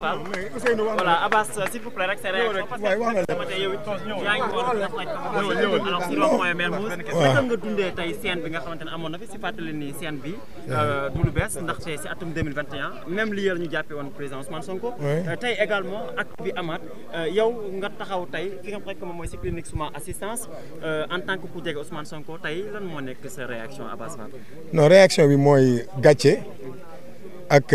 voilà Abbas s'il vous plaît rek sa réaction parce que nga dundee tey scène bi nga xamante ne amoon na fi si fàttali ni seen bi euh, du lu bees ndaxte si atum 2021 même li yéen ñu jàppee woon président Ousmane Sonko euh, tey également ak bi amaat euh, yow nga taxaw tey ki nga xam rek moom mooy si clinique suma assistance en tant que ku jege Ousmane Sonko tey lan moo nekk sa réaction Abbas Ba non réaction bi mooy gàcce ak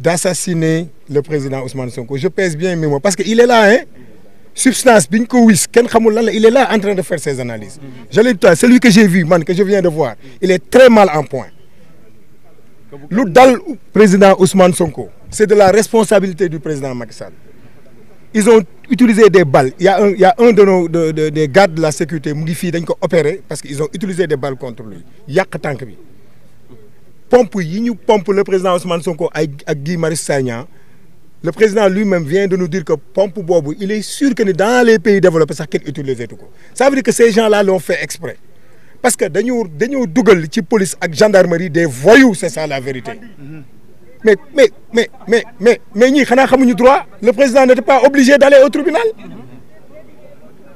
d'assassiner le président Ousmane Sonko je pèse bien mes parce que il est là hein substance bi ñu ko wis kenn xamul la il est là en train de faire ses analyses j'allais dire celui que j'ai vu man que je viens de voir il est très mal en point lu dal président Ousmane Sonko c'est de la responsabilité du président Macky Sall ils ont utilisé des balles il y a un il de nos de, de, des gardes de la sécurité mu ngi fii dañ ko opéré parce que ils ont utilisé des balles contre yàq tànk bi pompe yi ñu pompe le président Ousmane Sonko ay ak Guy Sagna le président lui-même vient de nous dire que pompe boobu il est sûr que ni dans les pays développés sax kenn utilisé tu ko ça veut dire que ces gens-là l'ont fait exprès parce que dañoo dañoo dugal ci police ak gendarmerie des voyous c'est ça la vérité mais mais mais mais mais mais ñii xanaa xamuñu droit le président n'était pas obligé d'aller au tribunal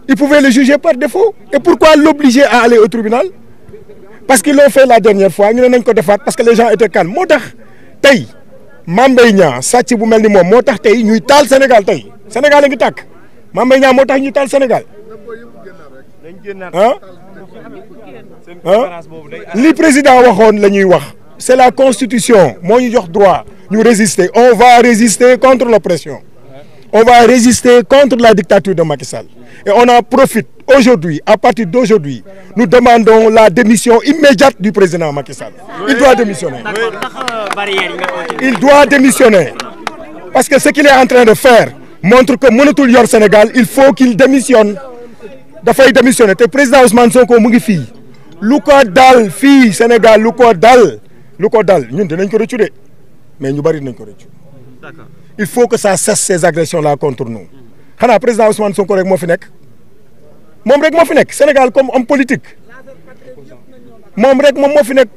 il pouvait le juger par défaut et pourquoi l'obliger à aller au tribunal parce qu'ils l'ont fait la dernière fois ñu ne nañ ko defaat parce que les gens étaient calmes moo tax tey Mame Mbaye Niang sàcc bu mel ni moom moo tax tey ñuy taal Sénégal tey Sénégal a ngi tàkk Mame Mbaye Niang moo tax ñuy taal Sénégal ah ah li président waxoon la ñuy wax c'est la constitution moo ñu jox droit ñu résister on va résister contre l'oppression on va résister contre la dictature de Macky Sall. Et on en profite aujourd'hui, à partir d'aujourd'hui, nous demandons la démission immédiate du président Macky Sall. Il doit démissionner. Il doit Parce que ce qu'il est en train de faire montre que mënatul yor Sénégal, il faut qu'il démissionne. dafay démissionner te président Ousmane Sonko mu ngi fii lu ko dal fii Sénégal lu ko dal lu ko dal ñun dinañ ko rëccu de mais ñu bari dinañ ko rëccu. il faut que ça cesse ces agressions là contre nous xanaa président Ousmane Sonko rek moo fi nekk moom rek moo fi nekk Sénégal comme homme politique moom rek moom moo fi nekk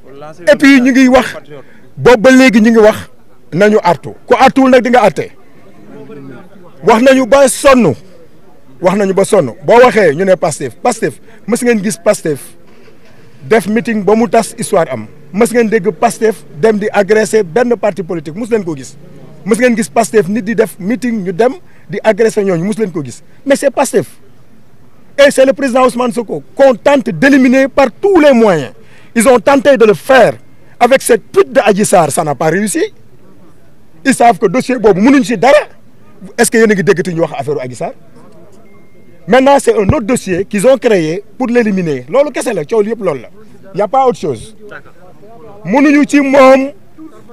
et puis ñu ngi wax boobu ba léegi ñu ngi wax nañu artu ku artuwul nag di nga àtte wax nañu ba sonn wax nañu ba sonn boo waxee ñu ne Pastef Pastef mës ngeen gis Pastef def meeting ba mu tas histoire am mës ngeen dégg Pastef dem di agressé benn parti politique mës leen ko gis. mës ngeen gis Pastef ni di def meeting ñu dem di agressé ñooñu mës leen ko gis mais c'est Pastef et c'est le président Ousmane Sonko qu'on tente d'éliminer par tous les moyens ils ont tenté de le faire avec cette pute de Adji Sarr ça n'a pas réussi ils savent que dossier boobu mënuñ ci dara est-ce que yéen a ngi déggati ñu wax affaire Adji Sarr maintenant c'est un autre dossier qu'ils ont créé pour l'éliminer loolu kese la coow yëpp loolu la y a pas autre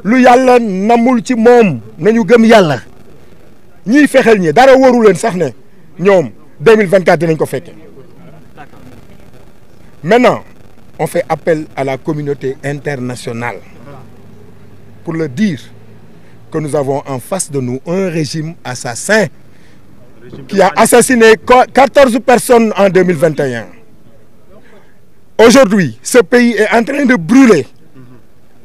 lu yàlla namul ci moom ñu gëm yàlla ñiy fexeel ñi dara wóoru leen sax ne ñoom 2024 dinañ ko fekke maintenant on fait appel à la communauté internationale pour le dire que nous avons en face de nous un régime assassin qui a assassiné 14 personnes en 2021 aujourd'hui ce pays est en train de brûler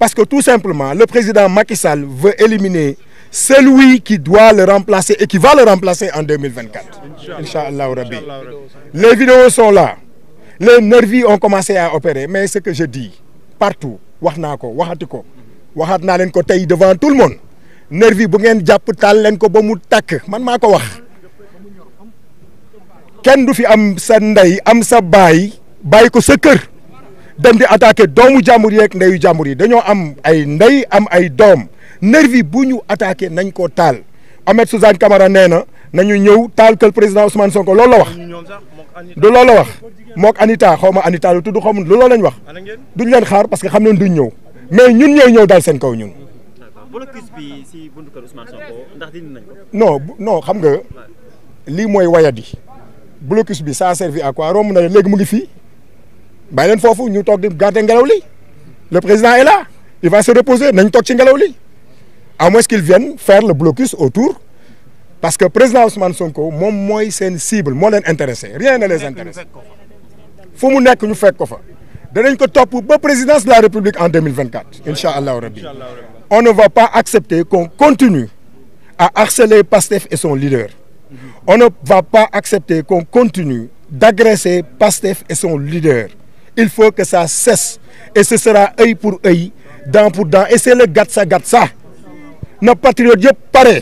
Parce que tout simplement, le président Macky Sall veut éliminer celui qui doit le remplacer et qui va le remplacer en 2024. Inch'Allah Rabbi. Les vidéos sont là. Les nervis on commencé à opérer. Mais ce que je dis, partout, wax naa ko waxati ko waxaat naa leen ko tey devant tout le monde nervi bu ngeen jàpp taal leen ko ba mu tàkk man maa ko wax kenn du fi am sa ndey am sa baay bàyyi ko sa dem di attaqué doomu jàmbur yeeg ndeyu jàmbur yi dañoo am ay ndey am ay doom nervi bu ñu attaqué nañ ko taal Ahmed Suzanne Camara nee na nañu ñëw taal kër président Ousmane Sonko loolu la wax du loolu la wax mook Anita xaw ma Anita lu tudd xaw ma lu loolu lañ wax duñ leen xaar parce que xam nañ duñ ñëw mais ñun ñooy ñëw daal seen kaw ñun. blocus si buntu kër xam nga lii mooy wayadi blocus bi ça a servi à quoi romb na mu ngi fii. bàyyi leen foofu ñu toog di gàtte ngelaw li le président est là il va se reposer nañ toog ci ngelaw li à moins qu'il vienne faire le blocus autour parce que président Ousmane Sonko moom mooy seen cible moo leen intéressé rien ne les intéresse fu mu nekk ñu fekk ko fa danañ ko topp ba présidence de la République en 2024 incha allahu rabbi on ne va pas accepter qu'on continue à harceler Pastef et son leader on ne va pas accepter qu'on continue d'agresser Pastef et son leader il faut que ça et ce sera œil pour œil dans pour dans et c'est le gatsa gatsa na patriote yëpp pare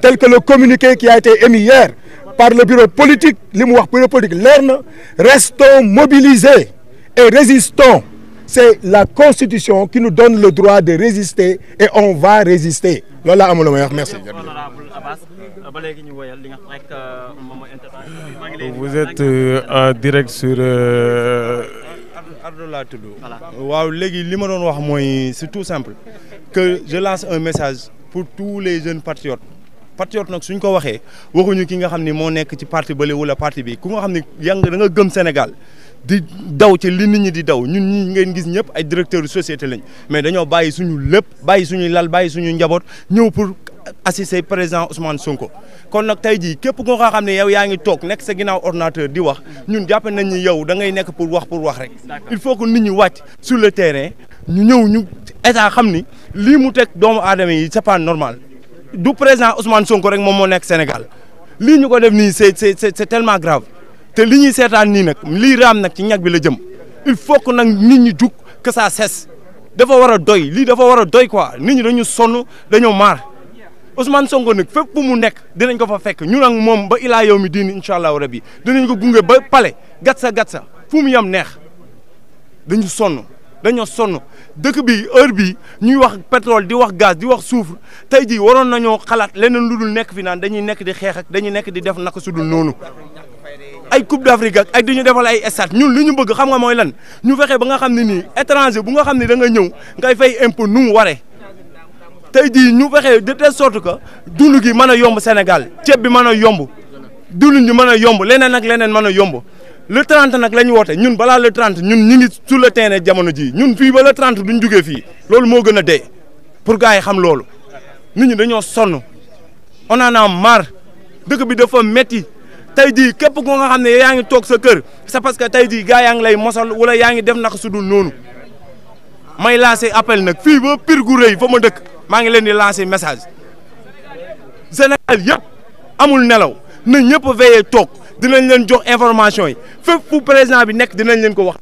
tel que le communiqué qui a été émis hier par le bureau politique li mu wax bureau politique leer na restons mobilisés et résistons c'est la constitution qui nous donne le droit de résister et on va résister loolu laa amul may wax merci. Euh, euh, Vous êtes euh, en direct sur. Ardo laa tudd. waaw léegi li ma doon wax mooy c'est simple. que je lance un message pour tous les jeunes patriotes. patriote nag suñ ko waxee waxuñu ki nga xam ni moo nekk ci parti bële wala parti bi ku nga xam ni yaa da nga gëm Sénégal di daw ci li nit ñi di daw ñun ñi ngeen gis ñëpp ay directeurs société lañ mais dañoo bàyyi suñu lépp bàyyi suñuy lal bàyyi suñu njaboot ñëw pour assisté président Ousmane Sonko kon nag tey jii képp koo xam ne yow yaa ngi toog nekk sa ginnaaw ordinateur di wax ñun jàpp nañ ni yow da ngay nekk pour wax pour wax rek. il faut que nit ñu wàcc sur le terrain ñu ñëw ñu état xam ni lii mu teg doomu aadama yi c'est pas normal du président Ousmane Sonko rek moom moo nekk Sénégal lii ñu ko def nii c'est c'est tellement grave te li ñuy seetaan ni nag lii raam nak ci ñag bi la jëm il faut que nag nit ñi jug que ça cesse dafa war a doy lii dafa war a doy quoi nit ñi dañu sonn dañoo maar. Ousmane Sonko nag fépp bu mu nekk dinañ ko fa fekk ñun ak moom ba ilaa yow mi diin incha allahu rabi dinañ ko gunge ba pale gatsa gatsa fu mu yam neex dañu sonn dañoo sonn dëkk bi heure bi ñuy wax pétrole di wax gaz di wax soufre tey jii waroon nañoo xalaat leneen lu dul nekk fi naan dañuy nekk di xeex ak dañuy nekk di def naka su dul noonu. ay coupe d'Afrique ak ay dañu defal ay stade ñun li ñu bëgg xam nga mooy lan ñu fexe ba nga xam ne nii étranger bu nga xam ne da nga ñëw ngay fay impôt nu mu waree. tey jii ñu waxee de telle sorte que dund gi mën a yomb Sénégal ceeb bi mën a yomb dund gi mën a yomb leneen ak leneen mën a yomb le 30 nag la ñu woote ñun balaa le 30 ñun ñu ngi sur le terrain jamono jii ñun fii ba le 30 ñu jugee fii loolu moo gën a dee pour gars yi xam loolu nit ñi dañoo sonn on en a mar dëkk bi dafa metti tey jii képp ko nga xam ne yaa ngi toog sa kër c'est parce que tey jii gars yaa ngi lay mosal wala yaa ngi def naka su dul noonu may lancé appel nag fii ba pir gu rëy ma dëkk maa ngi leen di lancer message Sénégal yëpp amul nelaw na ñëpp veillé toog dinañ leen jox information yi fépp fu président bi nekk dinañ leen ko wax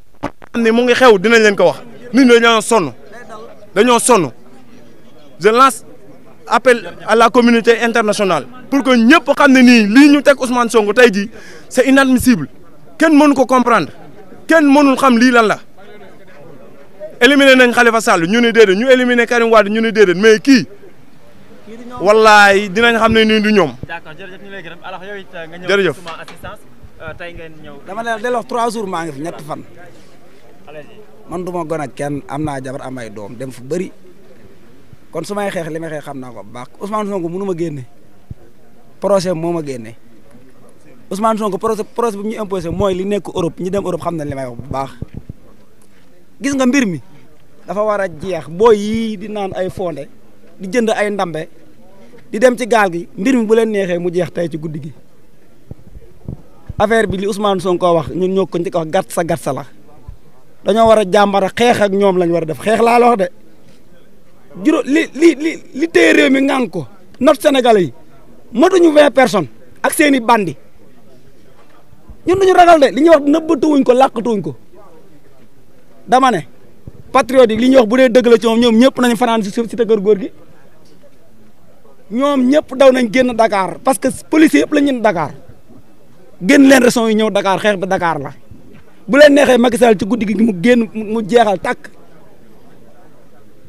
xam ne mu ngi xew dinañ leen ko wax nit ñi dañoo sonn dañoo sonn je lance appel à la communauté international pour que ñëpp xam ne nii lii ñu teg Ousmane Sonko tey jii c'est inadmissible kenn mënu ko comprendre kenn mënul xam lii lan la éliminé nañ Khalifa Sall ñu ni déedéet ñu éliminé Karim Wade ñu ni déedéet mais kii wallaay dinañ xam ne nii du ñoom. d'accord jërëjëf ñu lay gërëm alors yow euh, tey ngeen ñëw. dama leen delloo trois jours maa ngi fi ñetti fan. man du ma gone ak kenn am naa jabar am ay doom dem fu bëri kon su may xeex li may xeex xam naa ko bu baax Ousmane Sonko mënu ma génne projet moo ma génne Ousmane Sonko projet projet bu ñu imposé mooy li nekk Europe ñi dem Europe xam na li may wax baax gis nga mbir mi. dafa war a jeex booy yii di naan ay fonde di jënd ay ndambe di dem ci gaal gi mbir mi bu leen neexee mu jeex tey ci guddi gi affaire bi li Ousmane Sonko wax ñu ñoo ko njëkk wax gàtt sa gàtt la dañoo war a jàmbara xeex ak ñoom lañ war a def xeex laa la wax de juróom li li li li réew mi ngang ko not Sénégalais yi matuñu vingt personnes ak seeni bandi ñun duñu ragal de li ñuy wax nëbbatuwuñ ko làqatuwuñ ko dama ne patriote yi li ñuy wax bu dee dëgg la ci moom ñoom ñëpp nañ fanaan si Cité Keur Gorgui ñoom ñëpp daw nañ génn Dakar parce que policier yëpp la ñu Dakar génn leen raison yi ñëw Dakar xeex bi Dakar la bu leen neexee Macky Sall ci guddi gi mu génn mu jeexal tàkk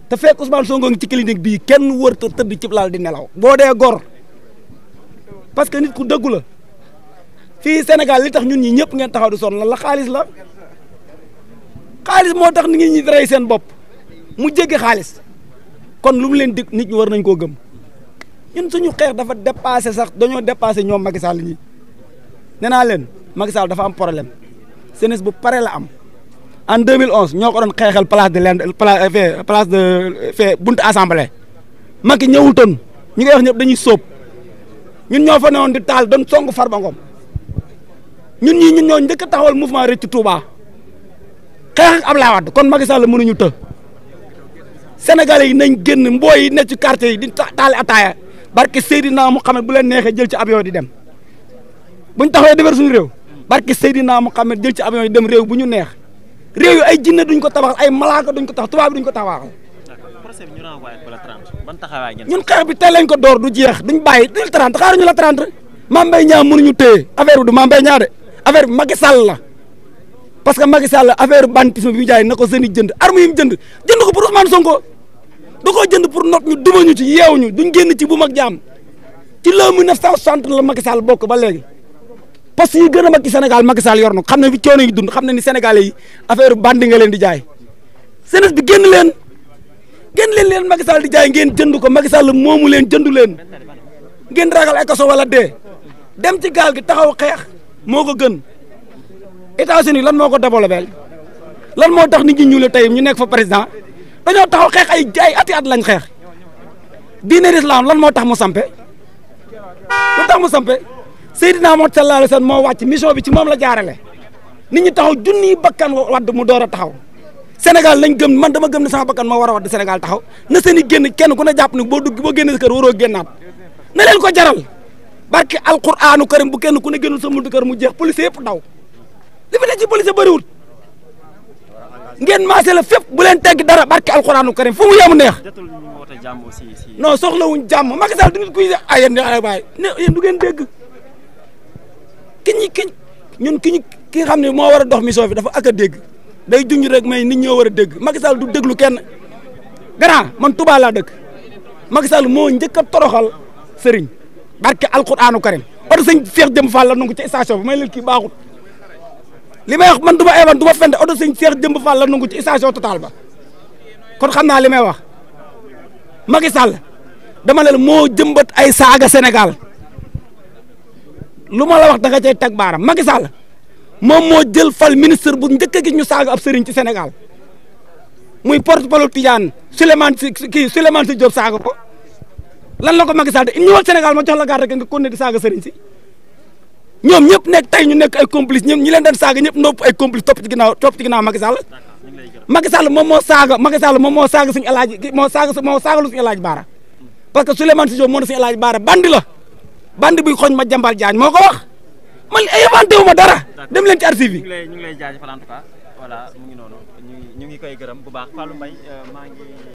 te fekk Ousmane Sonko ngi ci clinique bii kenn wërta tëdd ci laal di nelaw boo dee gor parce que nit ku dëggu la fii senegal li tax ñun ñi ñëpp ngeen taxaw di son la la xaalis la xaalis moo tax nit ñi rey seen bop mu jéggi xaalis kon lu mu leen dig nit ñi war nañ koo gëm ñun suñu xeex dafa dépassé sax dañoo dépassé ñoom Macky Sall ñi nee naa leen makisaal Sall dafa am problème jeunesse bu pare la am en 2011 ñoo ko doon xeexal place de l' place euh, place de fee buntu assemblée Macky ñi ngay wax ñëpp dañuy sóob ñun ñoo fa newoon di taal doon song Farba Ngom ñun ñii ñun ñoo njëkk mu taxawal mouvement Rëcc Touba. xeex ak Abdoulaye Wade kon Macky Sall mënuñu të Sénégalais yi nañ génn mbooy yi ne ci quartier yi di taali ataaya barke Seydina Mouhamed bu leen neexee jël ci avion di dem bu ñu taxawee defar suñu réew barke Seydina Mouhamed jël ci avion di dem réew bu ñu neex réew yu ay du duñ ko tabax ay malaaka duñ ko tax tubaab bi duñ ko tabaxal. procès bi ñu renvoyé ko la 30 ban taxawaay ngeen. ñun xeex bi tey lañ ko door du jeex duñ bàyyi dil 30 xaaruñu la 30 Mame Mbaye Niang mënuñu téye affaire bi du Mame Mbaye Niang de affaire bi la. parce que Macky Sall affaire banditisme bi mu jaay na ko seen i jënd arme yi mu ko pour Ousmane Sonko da koo jënd pour not ñu duma ñu ci yeew ñu duñ génn ci bu mag jaam ci le 1960 la Macky Sall bokk ba léegi poste yi gën a mag ci Sénégal Macky Sall yor na xam ne fi coono yi dund xam ne ni Sénégalais yi affaire bandi nga leen di jaay jeunesse bi génn leen génn leen leen Macky Sall di jaay ngeen jënd ko Macky Sall moomu leen jëndu leen ngeen ragal ay kaso wala dee dem ci gaal gi taxaw xeex moo ko gën États-Unis lan moo ko développé lan moo tax ni ñi ñuule tey ñu nekk fa président dañoo taxaw xeex ay ay ati at lañ xeex diine lislaam lan moo tax mu sampe lu tax mu sampe Seydina Muhammad sallallahu alayhi la sallam moo wàcc mission bi ci moom la jaarale nit ñi taxaw junniy bakkan wadd mu door a taxaw Sénégal lañ gëm man dama gëm ne sama bakkan moo war a wadd senegal taxaw na seen i génn kenn ku ne jàpp ne boo dugg boo génn kër waroo génnaat na leen ko jaral barke alquraanu karim bu kenn ku ne génnul sa buntu kër mu jeex police yëpp daw li fi ne ci police bëriwul ngeen maase la fépp bu leen tegg dara barke alxuraanu karim fu mu yemu neex. non soxlawuñ jàmm Macky Sall du nit kuy ay yéen ay waay ne du ngeen dégg ki ñi ki ñun ki ñu ki nga xam ne moo war a mi mission bi dafa ak a dégg day junj rek ma nit ñoo war a dégg Macky Sall du déglu kenn grand man Touba laa dëkk Macky Sall moo njëkk a toroxal sëriñ barke alxuraanu karim oto sëñ Cheikh Jëm Fall la nangu ci station bi may ki kii baaxut. li may wax man du ma eban du ma fende oto sëñ Seex Jëmb Fall la nangu ci station Total ba kon xam naa li may wax Macky Sall dama leen moo jëmbat ay saaga senegal lu ma la wax da nga cay teg baaram Macky Sall moom moo jël fal ministre bu njëkk a gis ñu saaga ab sëriñ ci Sénégal muy porte-parole Tidiane Souleymane si kii Souleymane si Diop saaga ko lan la ko Macky Sall de ñëwal Sénégal ma jox la gàtt rek nga kon ne di saaga sëriñ si. ñoom ñëpp nekk tey ñu nekk ay complice ñoom ñi leen saaga ñëpp nopp ay complice topp ci ginnaaw topp ci ginnaaw Macky Sall Macky Sall moom moo saaga Macky Sall moom moo saaga suñu alaaji moo saaga moo saagalu suñu alaaji Baara parce que Souleymane Sidio moo ne suñu alaaji Baara bandi la bandi buy xooñ ma jàmbaal Jaañ moo ko wax man inventé wu ma dara dem leen ci archive yi. ñu ngi lay ñu ngi lay jaajëfal en mu ngi noonu ñu ngi koy gërëm bu baax Fallou Mbaye euh, maa ngi.